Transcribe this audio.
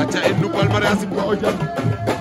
aca en nu palmarès im ga'o jal